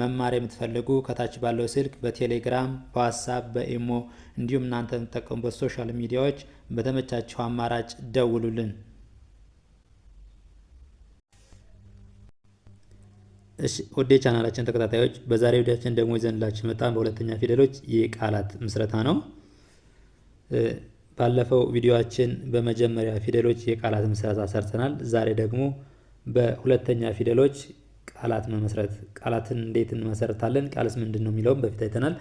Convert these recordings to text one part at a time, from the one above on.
መማር የምትፈልጉ ከታች ባለው ስልክ በቴሌግራም በዋትሳፕ በኢሞ እንዲሁም እናንተ የምትጠቀሙበት ሶሻል ሚዲያዎች በተመቻቸው አማራጭ ደውሉልን። እሺ ወደ ቻናላችን ተከታታዮች በዛሬ ቪዲያችን ደግሞ ይዘንላችሁ መጣን በሁለተኛ ፊደሎች የቃላት ምስረታ ነው። ባለፈው ቪዲዮችን በመጀመሪያ ፊደሎች የቃላት ምስረታ ሰርተናል። ዛሬ ደግሞ በሁለተኛ ፊደሎች ቃላት መመስረት፣ ቃላትን እንዴት እንመሰርታለን፣ ቃልስ ምንድን ነው የሚለውም በፊት አይተናል።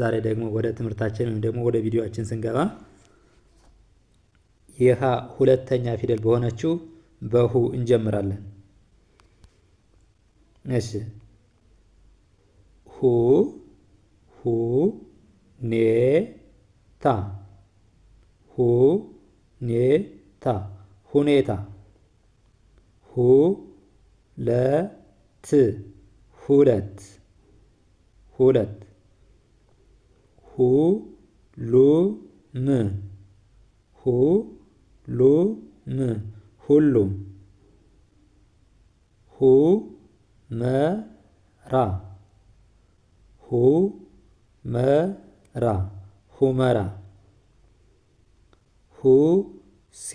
ዛሬ ደግሞ ወደ ትምህርታችን ወይም ደግሞ ወደ ቪዲዮችን ስንገባ የሀ ሁለተኛ ፊደል በሆነችው በሁ እንጀምራለን። እሺ ሁ ሁ ኔ ታ ሁ ኔ ታ ሁኔታ ሁ ለ ት ሁለት ሁለት ሁሉም ሁ መራ ሁመራ ሴ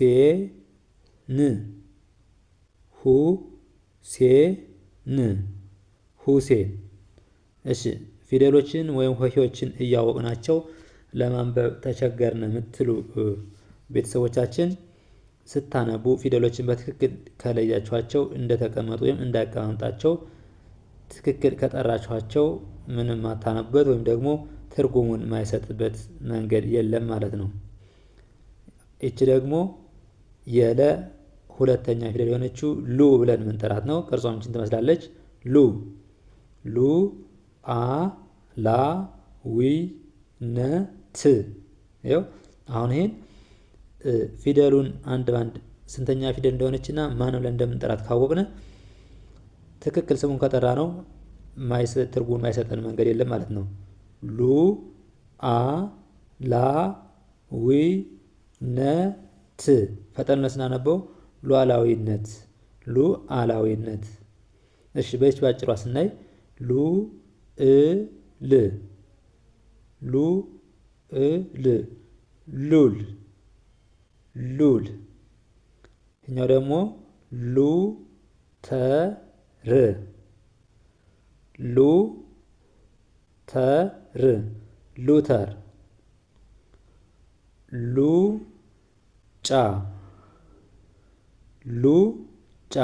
ን ሁ ሴ ን ሁሴን። እሺ ፊደሎችን ወይም ሆሄዎችን እያወቅናቸው ለማንበብ ተቸገርን የምትሉ ቤተሰቦቻችን ስታነቡ ፊደሎችን በትክክል ከለያችኋቸው እንደተቀመጡ ወይም እንዳቀማምጣቸው ትክክል ከጠራችኋቸው ምንም ማታነቡበት ወይም ደግሞ ትርጉሙን ማይሰጥበት መንገድ የለም ማለት ነው። ይቺ ደግሞ የለ ሁለተኛ ፊደል የሆነችው ሉ ብለን የምንጠራት ነው። ቅርጿም ችን ትመስላለች። ሉ ሉ አ ላ ዊ ነ ት ይኸው አሁን ይሄን ፊደሉን አንድ ባንድ ስንተኛ ፊደል እንደሆነች እና ማን ብለን እንደምንጠራት ካወቅነ ትክክል ስሙን ከጠራ ነው ትርጉም ማይሰጠን መንገድ የለም ማለት ነው። ሉ አ ላ ዊ ነ ት ፈጠን ስናነበው ሉዓላዊነት ሉዓላዊነት። እሺ በዚች ባጭሯ ስናይ ሉ እ ል ሉ እ ል ሉል ሉል። እኛው ደግሞ ሉ ተ ር ሉ ተ ር ሉተር ሉ ጫ ሉጫ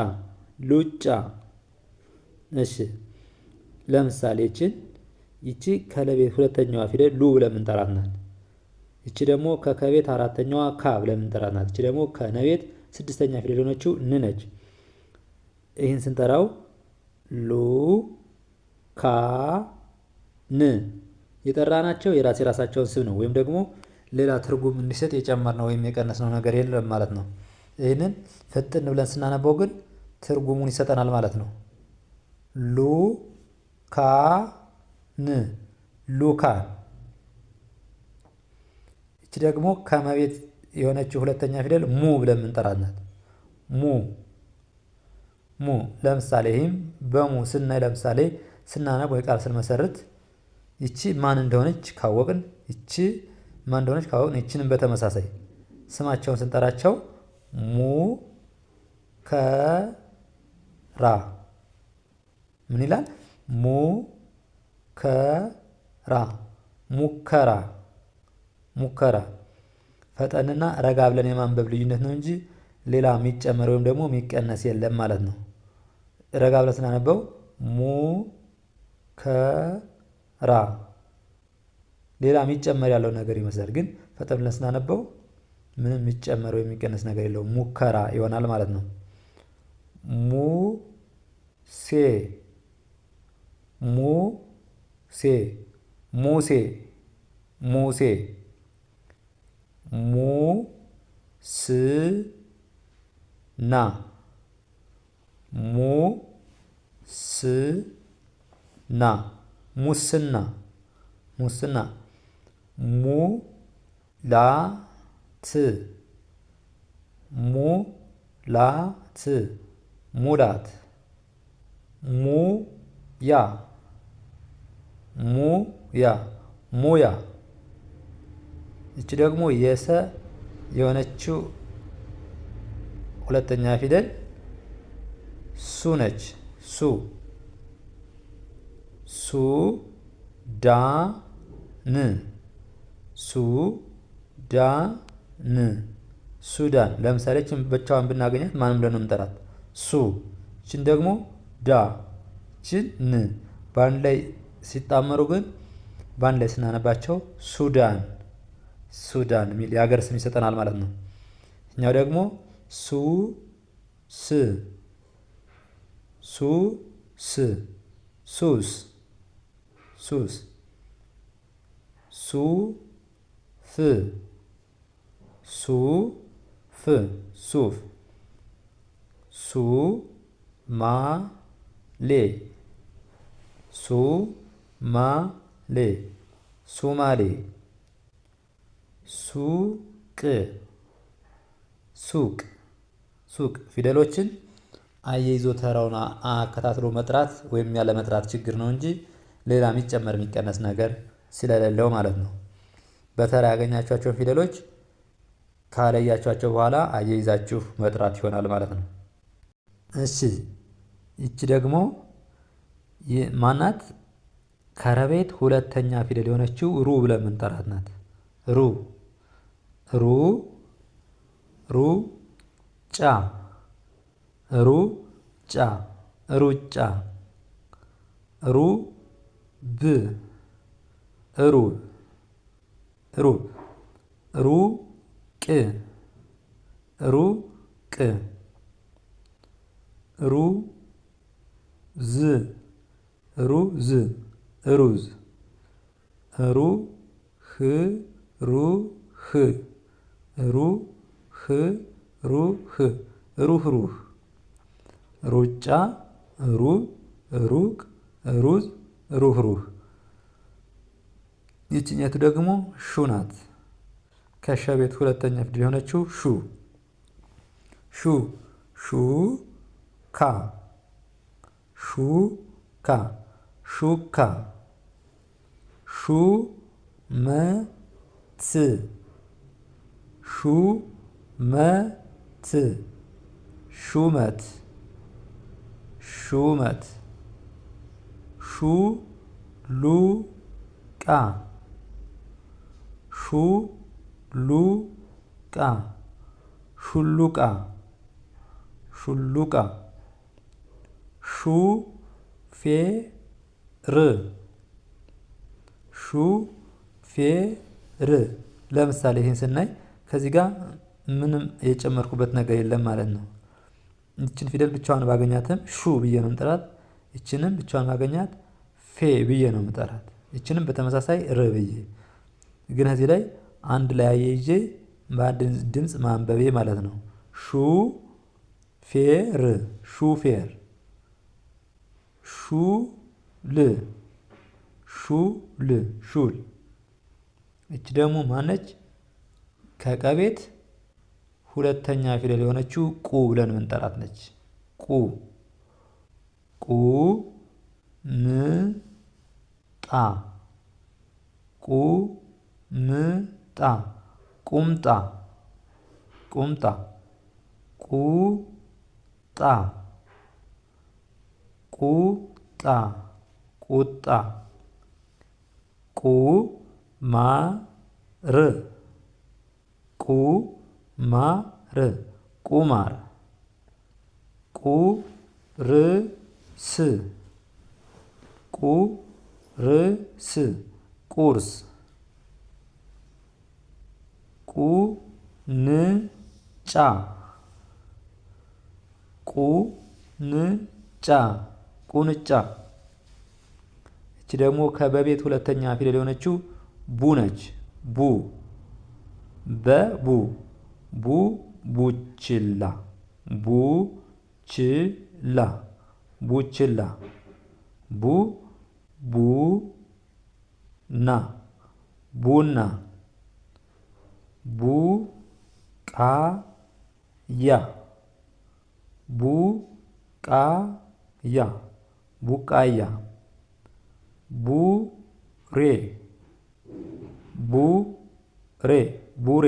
ሉጫ። እሺ ለምሳሌ ይችን ይቺ ከለቤት ሁለተኛዋ ፊደል ሉ ብለን የምንጠራት ናት። ይቺ ደግሞ ከከቤት አራተኛዋ ካ ብለን የምንጠራት ናት። ይቺ ደግሞ ከነቤት ስድስተኛ ፊደል የሆነችው ን ነች። ይህን ስንጠራው ሉ ካ ን የጠራናቸው የራስ የራሳቸውን ስም ነው፣ ወይም ደግሞ ሌላ ትርጉም እንዲሰጥ የጨመርነው ወይም የቀነስነው ነገር የለም ማለት ነው። ይህንን ፍጥን ብለን ስናነበው ግን ትርጉሙን ይሰጠናል ማለት ነው። ሉካን ሉካ ይቺ ደግሞ ከመቤት የሆነችው ሁለተኛ ፊደል ሙ ብለን የምንጠራት ሙ ሙ። ለምሳሌ ይህም በሙ ስናይ ለምሳሌ ስናነብ ወይ ቃል ስንመሰርት ይቺ ማን እንደሆነች ካወቅን ይቺ ማን እንደሆነች ካወቅን ይችንም በተመሳሳይ ስማቸውን ስንጠራቸው ሙከራ ምን ይላል? ሙከራ ሙከራ ሙከራ ፈጠንና ረጋ ብለን የማንበብ ልዩነት ነው እንጂ ሌላ የሚጨመር ወይም ደግሞ የሚቀነስ የለም ማለት ነው። ረጋ ብለን ስናነበው ሙከራ ሌላ የሚጨመር ያለው ነገር ይመስላል፣ ግን ፈጠን ብለን ስናነበው ምንም የሚጨመር ወይም የሚቀነስ ነገር የለው ሙከራ ይሆናል ማለት ነው። ሙሴ ሙሴ ሙ ስ ና ሙስና ሙስና ሙ ላ ት ሙ ላ ት ሙላት ሙ ያ ሙ ያ ሙያ ይቺ ደግሞ የሰ የሆነችው ሁለተኛ ፊደል ሱ ነች። ሱ ሱ ዳ ን ሱ ዳ ን ሱዳን። ለምሳሌ ችን ብቻዋን ብናገኛት ማንም ብለን እንጠራት ሱ። ችን ደግሞ ዳ፣ ችን ን። በአንድ ላይ ሲጣመሩ ግን በአንድ ላይ ስናነባቸው ሱዳን ሱዳን የሚል የሀገር ስም ይሰጠናል ማለት ነው። እኛው ደግሞ ሱ ስ ሱ ስ ሱስ ሱስ ሱ ፍ ሱፍ ሱፍ ሱማሌ ሱማሌ ሱማሌ ሱቅ ሱቅ ሱቅ ፊደሎችን አየይዞ ተራውን አከታትሎ መጥራት ወይም ያለ መጥራት ችግር ነው እንጂ ሌላ የሚጨመር የሚቀነስ ነገር ስለሌለው ማለት ነው። በተራ ያገኛቸዋቸውን ፊደሎች ካለያችኋቸው በኋላ አያይዛችሁ መጥራት ይሆናል ማለት ነው። እሺ ይቺ ደግሞ ማናት? ከረቤት ሁለተኛ ፊደል የሆነችው ሩ ብለን የምንጠራት ናት። ሩ ሩ ሩ ጫ ሩ ጫ ሩጫ ሩ ብ ሩ ሩ ሩ ቅ ሩ ዝ ሩዝ ሩዝ ህ ሩ ህ ሩህ ህ ሩህ ሩህ ሩጫ ሩ ሩቅ ሩዝ ሩህ ሩህ ይችኛቱ ደግሞ ሹ ናት። ከሸ ቤት ሁለተኛ ፊደል የሆነችው ሹ ሹ ሹ ካ ሹ ካ ሹካ ሹ መ ት ሹ መ ት ሹመት ሹመት ሹ ሉ ቃ ሹ ሉቃ ሹሉቃ ሹሉቃ ሹፌር ሹፌር ለምሳሌ ይህን ስናይ ከዚህ ጋር ምንም የጨመርኩበት ነገር የለም ማለት ነው። ይችን ፊደል ብቻዋን ባገኛትም ሹ ብዬ ነው ምጠራት። ይችንም ብቻዋን ባገኛት ፌ ብዬ ነው ምጠራት። ይችንም በተመሳሳይ ር ብዬ ግን ከዚህ ላይ አንድ ላይ አያይዤ ድምፅ ማንበቤ ማለት ነው። ሹ ፌር ሹፌር፣ ሹል ሹል ሹል። እች ደግሞ ማነች? ከቀቤት ሁለተኛ ፊደል የሆነችው ቁ ብለን ምንጠራት ነች። ቁ ቁ ም ጣ ቁ ም ጣ ቁምጣ ቁምጣ ቁጣ ቁጣ ቁጣ ቁማር ቁ ቁማር ቁ ር ስ ቁርስ ቁንጫ ቁንጫ ቁንጫ። እቺ ደግሞ ከበቤት ሁለተኛ ፊደል የሆነችው ቡ ነች። ቡ በቡ ቡ ቡችላ ቡችላ ቡችላ ቡ ቡ ና ቡና ቡቃያ ቡቃያ ቡቃያ ቡሬ ቡሬ ቡሬ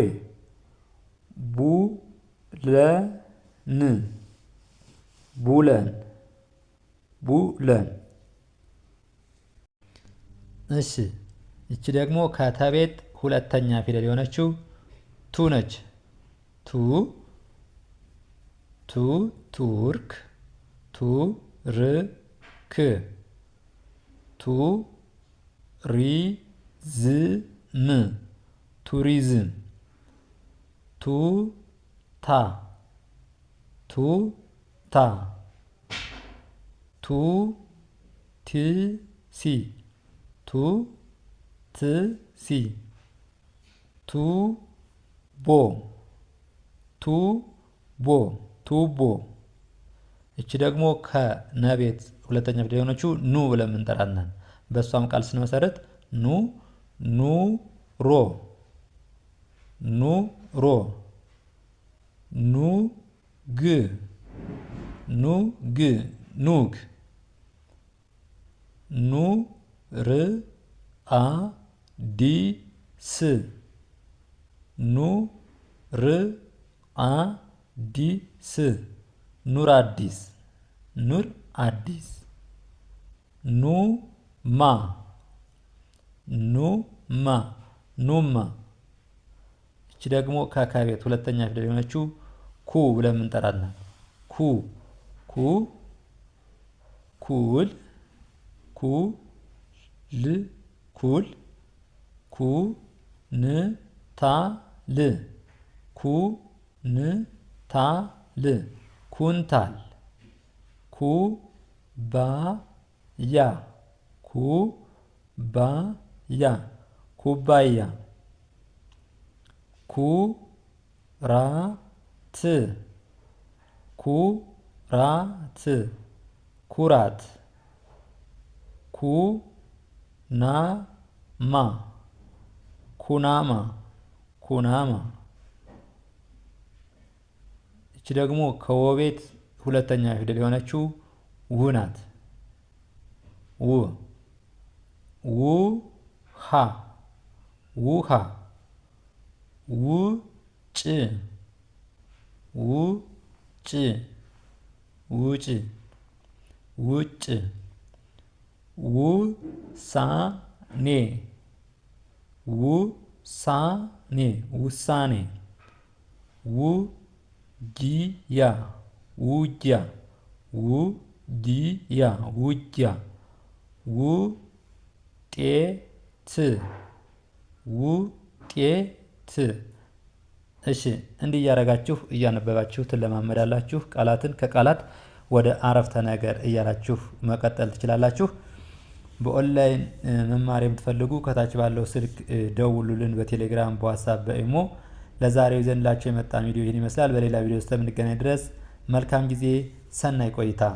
ቡለን ቡለን ቡለን እሺ ይቺ ደግሞ ከተቤት ሁለተኛ ፊደል የሆነችው ቱ ነች። ቱ ቱ ቱርክ ቱ ርክ ቱ ሪዝም ቱሪዝም ቱ ቱ ታ ታ ቱታ ቱታ ቱቲሲ ቱትሲ ቱ ቦ ቱቦ ቱቦ። እቺ ደግሞ ከነቤት ሁለተኛ ፊደል የሆነችው ኑ ብለን የምንጠራት በሷም በእሷም ቃል ስንመሰረት ኑ ኑሮ ኑሮ ግ ኑግ ኑ ር አ ዲ ስ ኑ ር አ ዲስ ኑር አዲስ ኑር አዲስ ኑ ማ ኑ ማ ኑማ እቺ ደግሞ ካካቤት ሁለተኛ ፊደል የሆነችው ኩ ብለን የምንጠራት ናት። ኩ ኩ ኩል ኩ ል ኩል ኩ ን ታ ል ኩ ን ታ ኩንታል ኩንታል ኩባያ ኩባያ ኩባያ ኩራት ኩራት ኩራት ኩናማ ኩናማ ኩናማ። እች ደግሞ ከወቤት ሁለተኛ ፊደል የሆነችው ው ናት። ው ውሃ ውሃ ውጭ ውጭ ውጭ ውጭ ውሳኔ ው ውሳኔ ውሳኔ ውጊያ ውጊያ ውጊያ ውጊያ ውጤት ውጤት። እሺ እንዲህ እያደረጋችሁ እያነበባችሁ ትለማመዳላችሁ። ቃላትን ከቃላት ወደ አረፍተ ነገር እያላችሁ መቀጠል ትችላላችሁ። በኦንላይን መማር የምትፈልጉ ከታች ባለው ስልክ ደውሉልን። በቴሌግራም፣ በዋትሳፕ፣ በኢሞ። ለዛሬው ዘንድላቸው የመጣን ቪዲዮ ይህን ይመስላል። በሌላ ቪዲዮ እስከምንገናኝ ድረስ መልካም ጊዜ፣ ሰናይ ቆይታ